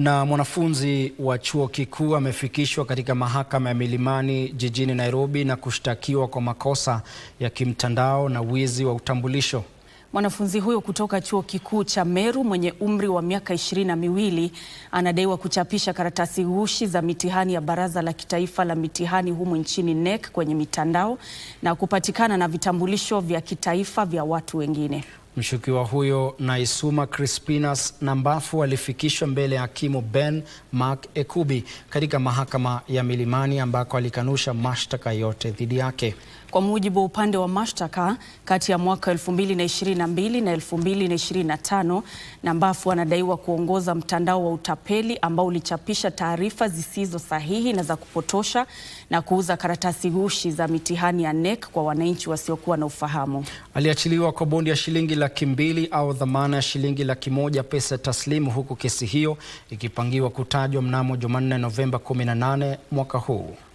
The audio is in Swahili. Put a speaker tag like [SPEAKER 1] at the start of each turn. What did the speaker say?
[SPEAKER 1] Na mwanafunzi wa chuo kikuu amefikishwa katika mahakama ya Milimani jijini Nairobi na kushtakiwa kwa makosa ya kimtandao na wizi wa utambulisho.
[SPEAKER 2] Mwanafunzi huyo kutoka chuo kikuu cha Meru mwenye umri wa miaka ishirini na miwili anadaiwa kuchapisha karatasi ghushi za mitihani ya Baraza la Kitaifa la Mitihani humu nchini nek kwenye mitandao na kupatikana na vitambulisho vya kitaifa vya watu wengine.
[SPEAKER 1] Mshukiwa huyo Naisuma Crispinus Nambafu alifikishwa mbele ya hakimu Ben Mark Ekubi katika mahakama ya Milimani ambako alikanusha mashtaka yote dhidi yake.
[SPEAKER 2] Kwa mujibu wa upande wa mashtaka, kati ya mwaka 2022 na 2025, Nambafu anadaiwa kuongoza mtandao wa utapeli ambao ulichapisha taarifa zisizo sahihi na za kupotosha na kuuza karatasi gushi za mitihani ya NEC kwa wananchi wasiokuwa na ufahamu.
[SPEAKER 1] Aliachiliwa kwa bondi ya shilingi laki mbili au dhamana ya shilingi laki moja pesa taslimu, huku kesi hiyo ikipangiwa kutajwa mnamo Jumanne Novemba 18 mwaka huu.